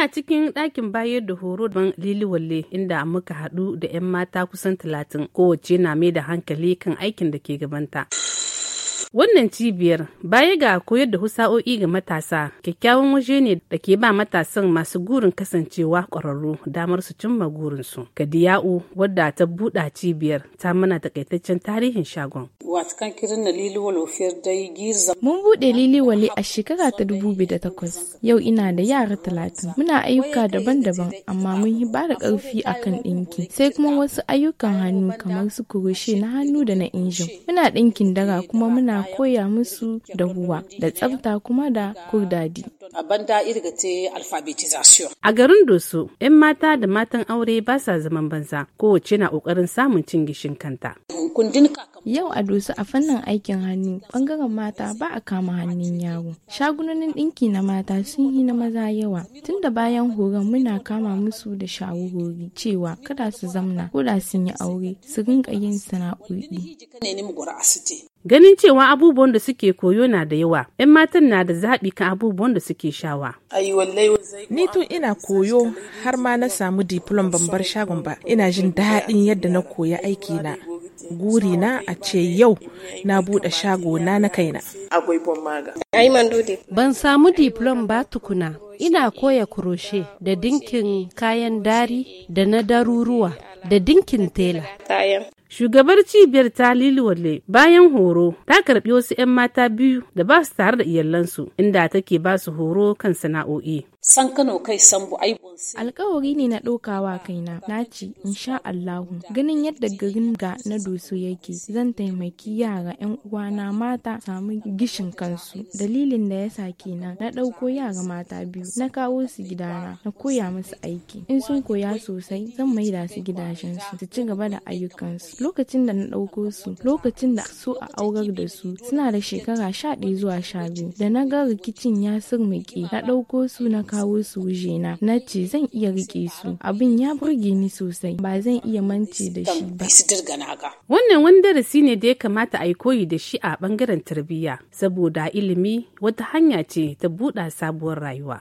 Muna cikin ɗakin bayar da horo ban liliwalle inda muka haɗu da 'yan mata kusan talatin kowace na mai da hankali kan aikin da ke gabanta. Wannan cibiyar baya ga koyar da husa'o'i ga matasa kyakkyawan waje ne da ke ba matasan masu gurin kasancewa ƙwararru damar su cimma gurinsu. Kadiya'u wadda ta buɗa cibiyar ta mana takaitaccen tarihin shagon. Mun buɗe liliwali a shekara ta da takwas. Yau ina da yara talatin. Muna ayyuka daban-daban amma mun yi bada da ƙarfi kan ɗinki. Sai kuma wasu ayyukan hannu kamar su kurushe na hannu da na injin. Muna ɗinkin dara kuma muna koya musu da huwa da tsafta kuma da kurdadi. a banda irga te A garin Doso, 'yan mata da matan aure ba sa zaman banza kowace na ƙoƙarin samun cin gishin kanta. Yau a Doso a fannin aikin hannu ɓangaren mata ba a kama hannun yaro. Shagunanin ɗinki na mata sun yi na maza yawa. Tun da bayan horon muna kama musu da shawarwari cewa kada su zamna ko da sun yi aure su rinka yin sana'o'i. Ganin cewa abubuwan da suke koyo na da yawa, 'yan matan na da zaɓi kan abubuwan da suke shawa. Ni tun ina koyo har ma na samu diplom ban bar shagon ba, ina jin daɗin yadda na koya aiki na. Guri na a ce yau na buɗe shago na na kaina. Ban samu diplom ba tukuna, ina koya kuroshe da dinkin kayan dari da na daruruwa da dinkin tela. Shugabar cibiyar ta Liliwalle bayan horo ta karbi wasu 'yan mata biyu da ba su tare da iyalansu inda take ba su horo kan sana'o'i. san Kano kai bu ai Alkawari ne na ɗaukawa kaina, na ce, insha Allahu, ganin yadda garin ga na doso yake, zan taimaki yara 'yan uwana mata samu gishin kansu. Dalilin da ya sa kenan, na ɗauko yara mata biyu, na kawo su gidana, na koya musu aiki. In sun koya sosai, zan maida su gidajen su ci gaba da ayyukansu. Lokacin da na ɗauko su, lokacin da su a aurar da su, suna da shekara sha ɗaya zuwa sha biyu. Da na ga rikicin ya sirmike, na ɗauko su na kawo su wuje na ce zan iya rike su abin ya burge ni sosai ba zan iya mance da shi ba wannan wani darasi ne da ya kamata a yi koyi da shi a bangaren tarbiyya saboda ilimi wata hanya ce ta buɗa sabuwar rayuwa.